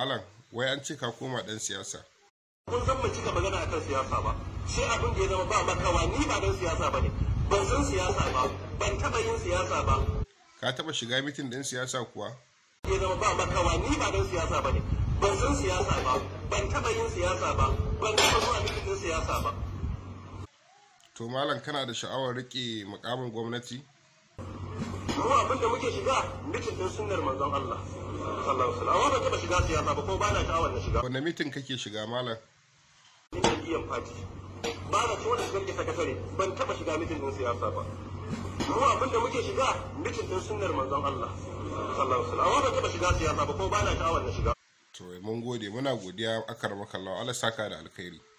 Malam, wai an ce ka koma ɗan siyasa. Kun san mun cika magana akan siyasa ba. Sai abin da ya zama ba makawa ni ba dan siyasa ba ne. Ban san siyasa ba, ban taɓa yin siyasa ba. Ka taɓa shiga mitin ɗin siyasa kuwa? Ya zama ba makawa ni ba dan siyasa ba ne. Ban san siyasa ba, ban taɓa yin siyasa ba, ban taɓa zuwa mitin siyasa ba. To Malam kana da sha'awar riƙe makamin gwamnati? mu da muke shiga mitin din sunnar manzon Allah sallallahu alaihi wasallam ba taba shiga siyasa ba ko ba na sha'awar na shiga wanne mitin kake shiga malam ni ne iyan fati ba na wani da gwamnati sakatare ban taba shiga mitin din siyasa ba mu abinda muke shiga mitin din sunnar manzon Allah sallallahu alaihi wasallam ba taba shiga siyasa ba ko ba na sha'awar na shiga to mun gode muna godiya akar Allah Allah saka da alkhairi